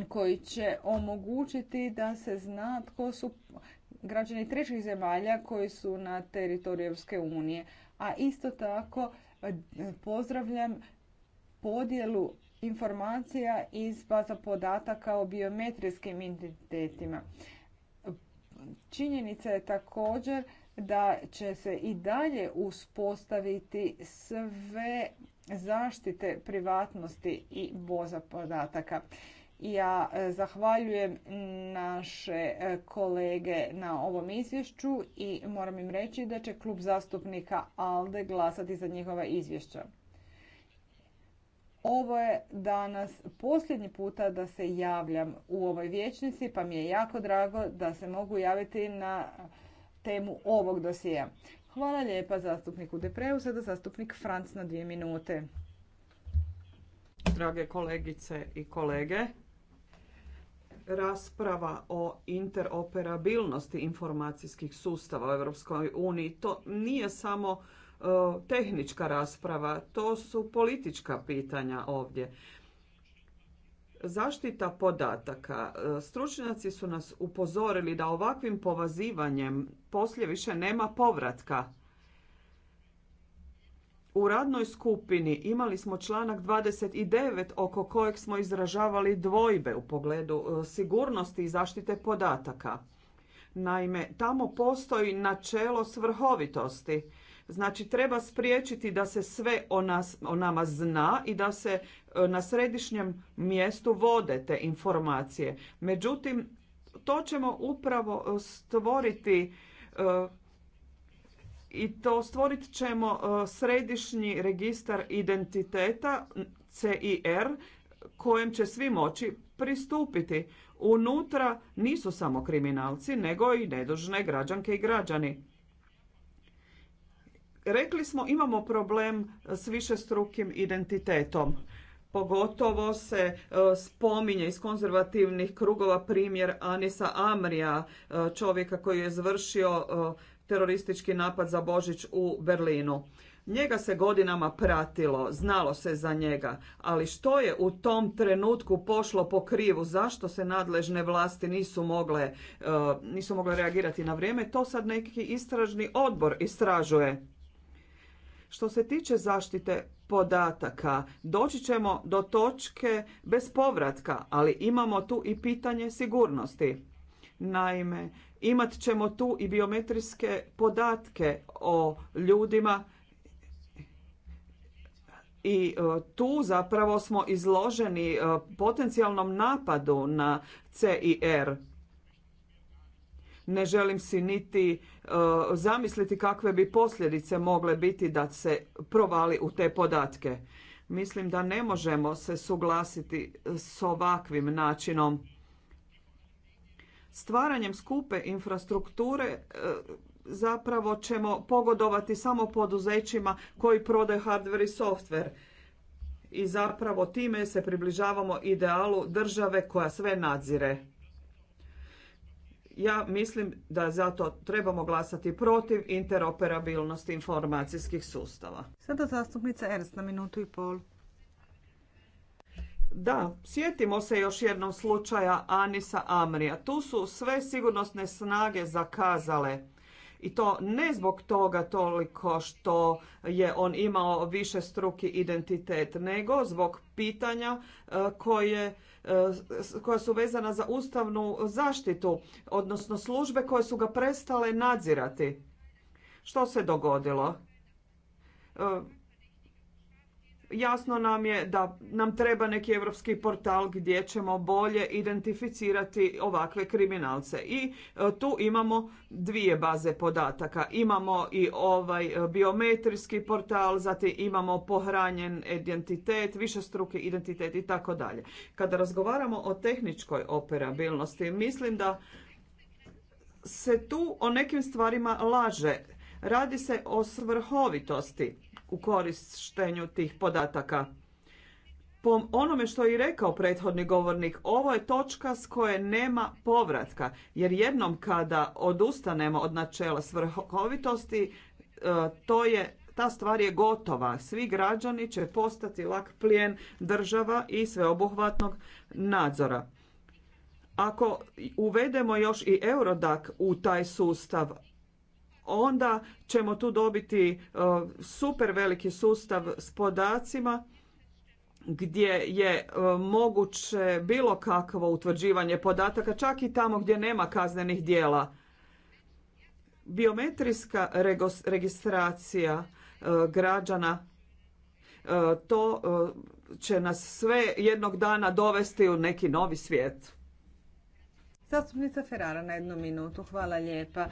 koji će omogućiti da se zna tko su građani trećih zemalja koji su na teritoriju unije. A isto tako pozdravljam podjelu informacija iz baza podataka o biometrijskim identitetima. Činjenica je također da će se i dalje uspostaviti sve zaštite privatnosti i boza podataka. Ja e, zahvaljujem naše e, kolege na ovom izvješću i moram im reći da će klub zastupnika ALDE glasati za njihova izvješća. Ovo je danas posljednji puta da se javljam u ovoj vječnici, pa mi je jako drago da se mogu javiti na temu ovog dosija. Hvala lijepa zastupniku Depreu, sada zastupnik Franc na dvije minute. Drage kolegice i kolege, rasprava o interoperabilnosti informacijskih sustava u EU, uniji to nije samo E, tehnička rasprava, to su politička pitanja ovdje. Zaštita podataka. E, stručnjaci su nas upozorili da ovakvim povazivanjem poslije više nema povratka. U radnoj skupini imali smo članak 29 oko kojeg smo izražavali dvojbe u pogledu e, sigurnosti i zaštite podataka. Naime, tamo postoji načelo svrhovitosti Znači treba spriječiti da se sve o, nas, o nama zna i da se e, na središnjem mjestu vode te informacije. Međutim, to ćemo upravo e, stvoriti e, i to stvorit ćemo središnji registar identiteta CIR kojem će svi moći pristupiti. Unutra nisu samo kriminalci, nego i nedužne građanke i građani. Rekli smo imamo problem s višestrukim identitetom. Pogotovo se e, spominje iz konzervativnih krugova primjer Anisa Amrija, e, čovjeka koji je izvršio e, teroristički napad za Božić u Berlinu. Njega se godinama pratilo, znalo se za njega, ali što je u tom trenutku pošlo po krivu, zašto se nadležne vlasti nisu mogle, nisu mogle reagirati na vrijeme, to sad neki istražni odbor istražuje. Što se tiče zaštite podataka, doći ćemo do točke bez povratka, ali imamo tu i pitanje sigurnosti. Naime, imat ćemo tu i biometrijske podatke o ljudima i e, tu zapravo smo izloženi e, potencijalnom napadu na CIR ne želim si niti e, zamisliti kakve bi posljedice mogle biti da se provali u te podatke. Mislim da ne možemo se suglasiti s ovakvim načinom. Stvaranjem skupe infrastrukture e, zapravo ćemo pogodovati samo poduzećima koji prodaju hardware i software. I zapravo time se približavamo idealu države koja sve nadzire ja mislim da zato trebamo glasati protiv interoperabilnosti informacijskih sustava. Sada zastupnica Ernst na minutu i pol. Da, sjetimo se još jednom slučaja Anisa Amrija. Tu su sve sigurnosne snage zakazale i to ne zbog toga toliko što je on imao više struki identitet, nego zbog pitanja e, koje e, koja su vezana za ustavnu zaštitu, odnosno službe koje su ga prestale nadzirati. Što se dogodilo? E, jasno nam je da nam treba neki europski portal gdje ćemo bolje identificirati ovakve kriminalce. I e, tu imamo dvije baze podataka. Imamo i ovaj e, biometrijski portal, zatim imamo pohranjen identitet, višestruki identitet i tako dalje. Kada razgovaramo o tehničkoj operabilnosti, mislim da se tu o nekim stvarima laže. Radi se o svrhovitosti u korištenju tih podataka. Po onome što je i rekao prethodni govornik, ovo je točka s koje nema povratka, jer jednom kada odustanemo od načela svrhovitosti, e, to je ta stvar je gotova. Svi građani će postati lak plijen država i sveobuhvatnog nadzora. Ako uvedemo još i Eurodak u taj sustav, onda ćemo tu dobiti e, super veliki sustav s podacima gdje je e, moguće bilo kakvo utvrđivanje podataka, čak i tamo gdje nema kaznenih dijela. Biometrijska registracija e, građana, to će nas sve jednog dana dovesti u neki novi svijet. Zastupnica Ferrara na jednu minutu. Hvala lijepa.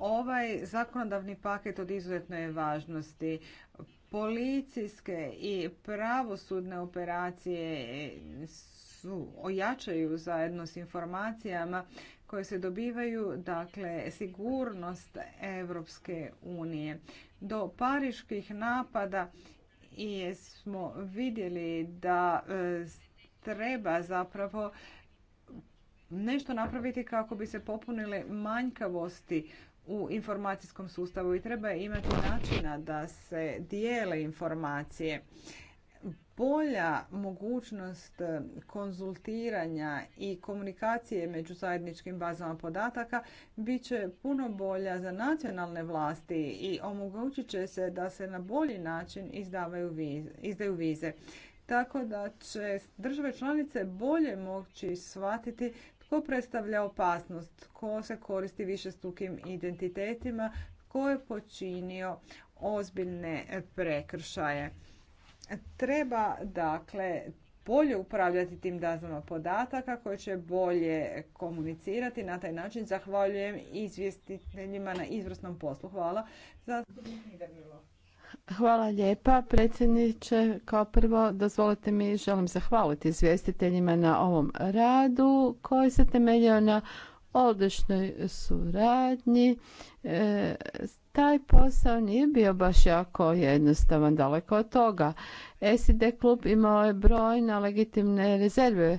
Ovaj zakonodavni paket od izuzetne je važnosti. Policijske i pravosudne operacije su, ojačaju zajedno s informacijama koje se dobivaju, dakle, sigurnost europske unije. Do pariških napada smo vidjeli da e, treba zapravo nešto napraviti kako bi se popunile manjkavosti u informacijskom sustavu i treba imati načina da se dijele informacije. Bolja mogućnost konzultiranja i komunikacije među zajedničkim bazama podataka bit će puno bolja za nacionalne vlasti i omogućit će se da se na bolji način izdaju vize. Tako da će države članice bolje moći shvatiti ko predstavlja opasnost, ko se koristi višestrukim identitetima, ko je počinio ozbiljne prekršaje. Treba dakle bolje upravljati tim bazama podataka koje će bolje komunicirati. Na taj način zahvaljujem izvjestiteljima na izvrsnom poslu. Hvala. Za... Hvala lijepa predsjedniče. Kao prvo dozvolite mi želim zahvaliti izvjestiteljima na ovom radu koji se temeljio na odličnoj suradnji. E, taj posao nije bio baš jako jednostavan, daleko od toga. SID klub imao je brojne legitimne rezerve e,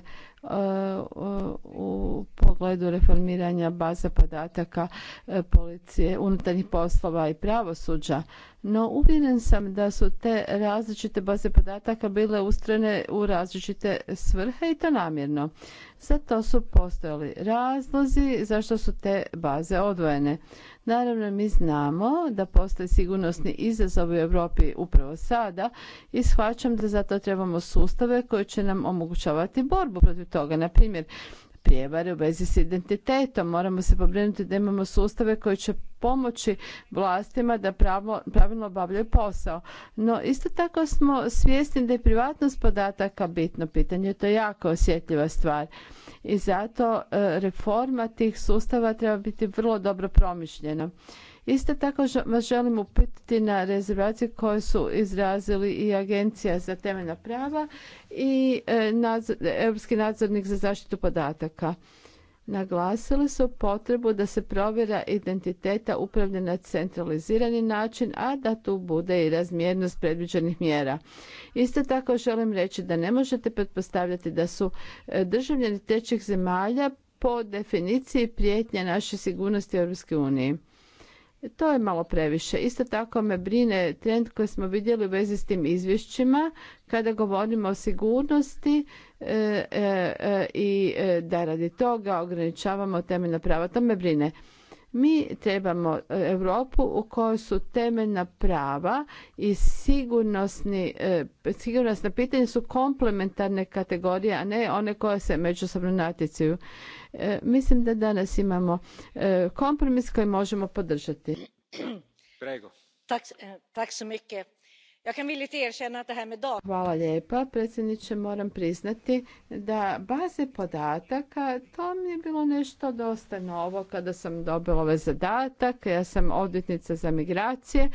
u, pogledu reformiranja baza podataka e, policije, unutarnjih poslova i pravosuđa. No uvjeren sam da su te različite baze podataka bile ustrojene u različite svrhe i to namjerno. Zato su postojali razlozi zašto su te baze odvojene. Naravno mi znamo da postoje sigurnosni izazov u Europi upravo sada i shvaćam da zato trebamo sustave koji će nam omogućavati borbu protiv toga. Na primjer, prijevare u vezi s identitetom. Moramo se pobrinuti da imamo sustave koji će pomoći vlastima da pravo, pravilno obavljaju posao. No isto tako smo svjesni da je privatnost podataka bitno pitanje. To je jako osjetljiva stvar. I zato e, reforma tih sustava treba biti vrlo dobro promišljena. Isto tako vas želim upitati na rezervacije koje su izrazili i Agencija za temeljna prava i e, Europski nadzornik za zaštitu podataka. Naglasili su potrebu da se provjera identiteta upravlja na centralizirani način, a da tu bude i razmjernost predviđenih mjera. Isto tako želim reći da ne možete pretpostavljati da su e, državljani trećih zemalja po definiciji prijetnja naše sigurnosti u EU. To je malo previše. Isto tako me brine trend koji smo vidjeli u vezi s tim izvješćima kada govorimo o sigurnosti e, e, e, i da radi toga ograničavamo temeljna prava. To me brine. Mi trebamo e, Europu u kojoj su temeljna prava i sigurnosni, e, sigurnosna pitanja su komplementarne kategorije, a ne one koje se međusobno natjecaju. E, mislim da danas imamo kompromis koji možemo podržati. Prego. Tak, eh, tak Hvala lijepa, predsjedniče. Moram priznati da baze podataka, to mi je bilo nešto dosta novo kada sam dobila ovaj zadatak. Ja sam odvjetnica za migracije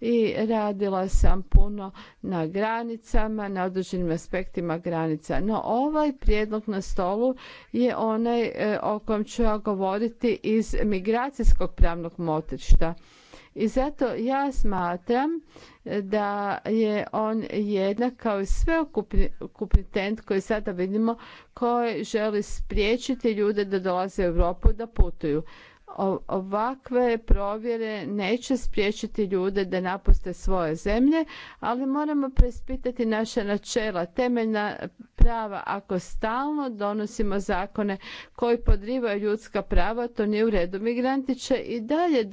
i radila sam puno na granicama, na određenim aspektima granica. No ovaj prijedlog na stolu je onaj e, o kojem ću ja govoriti iz migracijskog pravnog motrišta. I zato ja smatram da je on jednak kao i sveokupni tent koji sada vidimo koji želi spriječiti ljude da dolaze u Europu da putuju ovakve provjere neće spriječiti ljude da napuste svoje zemlje, ali moramo prespitati naša načela, temeljna prava. Ako stalno donosimo zakone koji podrivaju ljudska prava, to nije u redu. Migranti će i dalje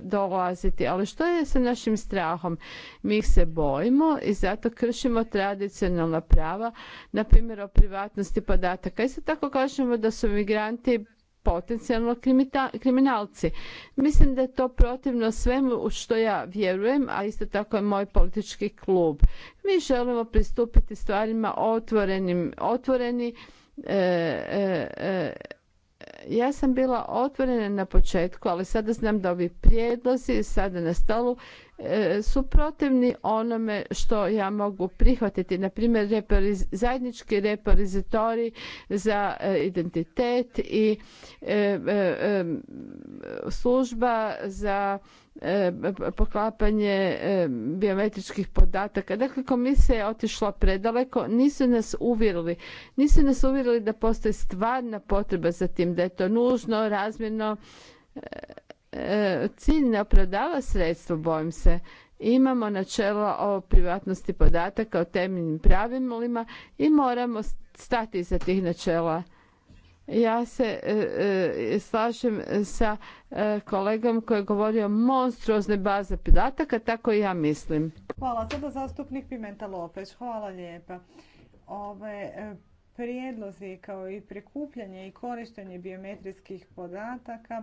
dolaziti, ali što je sa našim strahom? Mi ih se bojimo i zato kršimo tradicionalna prava, na primjer o privatnosti podataka. Isto tako kažemo da su migranti potencijalno kriminalci. Mislim da je to protivno svemu u što ja vjerujem, a isto tako je moj politički klub. Mi želimo pristupiti stvarima otvorenim, otvoreni e, e, e ja sam bila otvorena na početku, ali sada znam da ovi prijedlozi sada na stolu E, su protivni onome što ja mogu prihvatiti. Na primjer, zajednički reporizitori za e, identitet i e, služba za poklapanje biometričkih podataka. Dakle, komisija je otišla predaleko, nisu nas uvjerili. Nisu nas uvjerili da postoji stvarna potreba za tim, da je to nužno, razmjerno cilj ne opravdava sredstvo, bojim se. Imamo načelo o privatnosti podataka, o temeljnim pravilima i moramo stati iza tih načela. Ja se e, e slažem sa e, kolegom koji je govorio monstruozne baze podataka, tako i ja mislim. Hvala. Sada zastupnik Pimenta Lopeć. Hvala lijepa. Ove e, prijedlozi kao i prikupljanje i korištenje biometrijskih podataka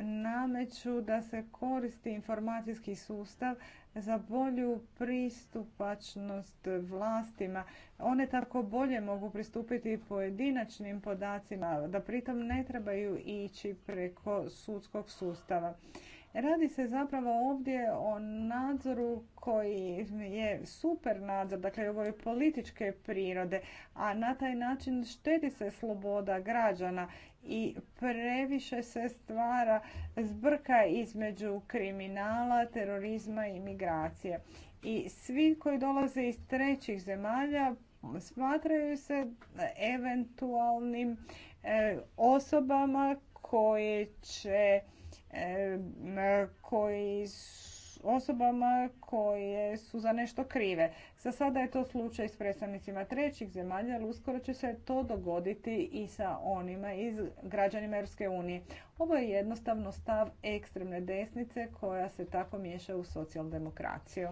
nameću da se koristi informacijski sustav za bolju pristupačnost vlastima. One tako bolje mogu pristupiti pojedinačnim podacima, da pritom ne trebaju ići preko sudskog sustava. Radi se zapravo ovdje o nadzoru koji je super nadzor, dakle ovo je političke prirode, a na taj način štedi se sloboda građana i previše se stvara zbrka između kriminala, terorizma i migracije. I svi koji dolaze iz trećih zemalja smatraju se eventualnim e, osobama koje će koji osobama koje su za nešto krive. Za sada je to slučaj s predstavnicima trećih zemalja, ali uskoro će se to dogoditi i sa onima iz građanima Europske unije. Ovo je jednostavno stav ekstremne desnice koja se tako miješa u socijaldemokraciju.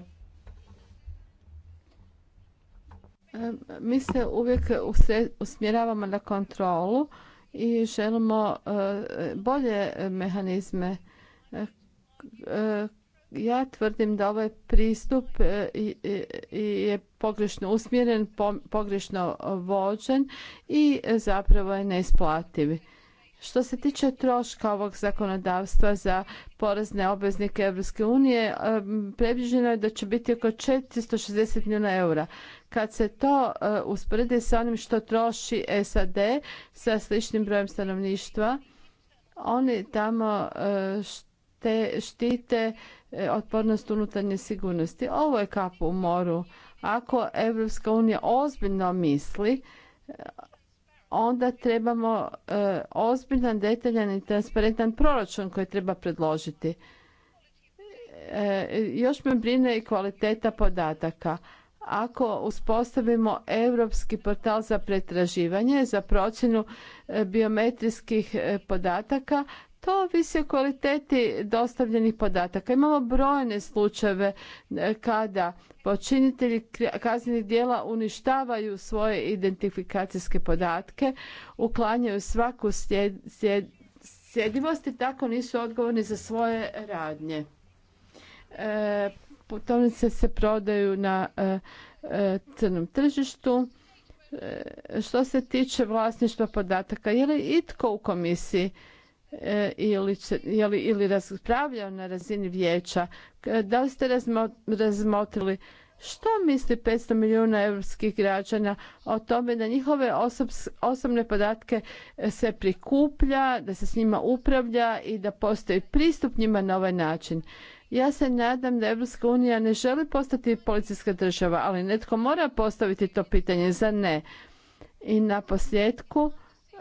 Mi se uvijek usmjeravamo na kontrolu i želimo e, bolje mehanizme. E, e, ja tvrdim da ovaj pristup je pogrešno usmjeren, pogrešno vođen i zapravo je neisplativ. Što se tiče troška ovog zakonodavstva za porezne obveznike Europske unije, predviđeno je da će biti oko 460 milijuna eura. Kad se to eh, usporedi sa onim što troši SAD sa sličnim brojem stanovništva, oni tamo eh, štite eh, otpornost unutarnje sigurnosti. Ovo je kap u moru. Ako Europska unija ozbiljno misli onda trebamo e, ozbiljan, detaljan i transparentan proračun koji treba predložiti. E, još me brine i kvaliteta podataka. Ako uspostavimo europski portal za pretraživanje, za procjenu e, biometrijskih podataka, to ovisi o kvaliteti dostavljenih podataka. Imamo brojne slučajeve e, kada počinitelji kaznenih dijela uništavaju svoje identifikacijske podatke, uklanjaju svaku i tako nisu odgovorni za svoje radnje. E, putovnice se prodaju na e, crnom tržištu. Što se tiče vlasništva podataka, je li itko u komisiji E, ili, ili, ili raspravljao na razini vijeća. Da li ste razmotrili što misli 500 milijuna europskih građana o tome da njihove osobne podatke e, se prikuplja, da se s njima upravlja i da postoji pristup njima na ovaj način? Ja se nadam da Europska unija ne želi postati policijska država, ali netko mora postaviti to pitanje, za ne? I na posljedku,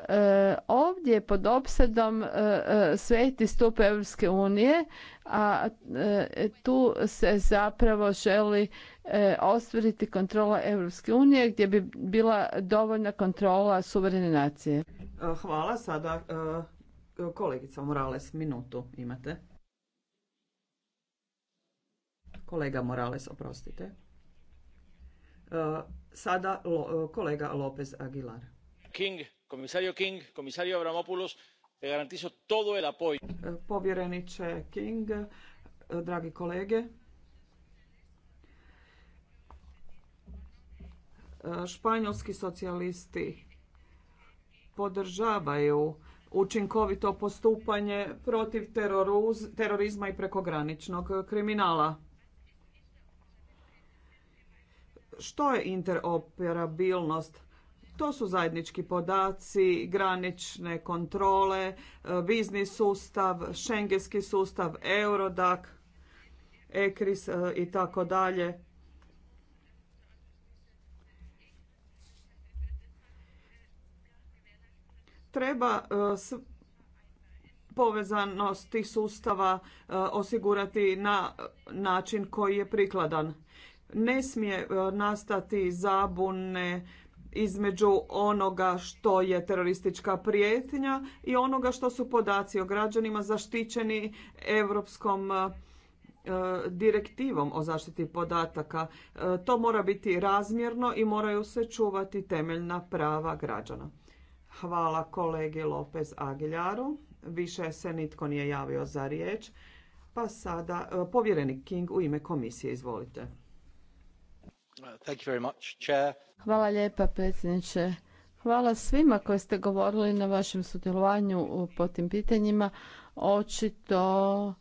E, ovdje pod opsadom e, e, sveti stup Europske unije, a tu se zapravo želi ostvariti kontrola Europske unije gdje bi bila dovoljna kontrola suverene nacije. Hvala. Sada kolegica Morales, minutu imate. Kolega Morales, oprostite. Sada kolega Lopez Aguilar. King. Komisario King, komisario Avramopoulos, garantizo todo el apoyo. Povjereniče King, dragi kolege, španjolski socijalisti podržavaju učinkovito postupanje protiv terorizma i prekograničnog kriminala. Što je interoperabilnost? To su zajednički podaci, granične kontrole, e, vizni sustav, šengenski sustav, Eurodac, ECRIS e, i tako dalje. Treba e, povezanost tih sustava osigurati na način koji je prikladan. Ne smije nastati zabune između onoga što je teroristička prijetnja i onoga što su podaci o građanima zaštićeni europskom e, direktivom o zaštiti podataka. E, to mora biti razmjerno i moraju se čuvati temeljna prava građana. Hvala kolegi Lopez Aguilaru. Više se nitko nije javio za riječ. Pa sada e, povjerenik King u ime komisije, izvolite. Hvala lijepa predsjedniče. Hvala svima koji ste govorili na vašem sudjelovanju po tim pitanjima. Očito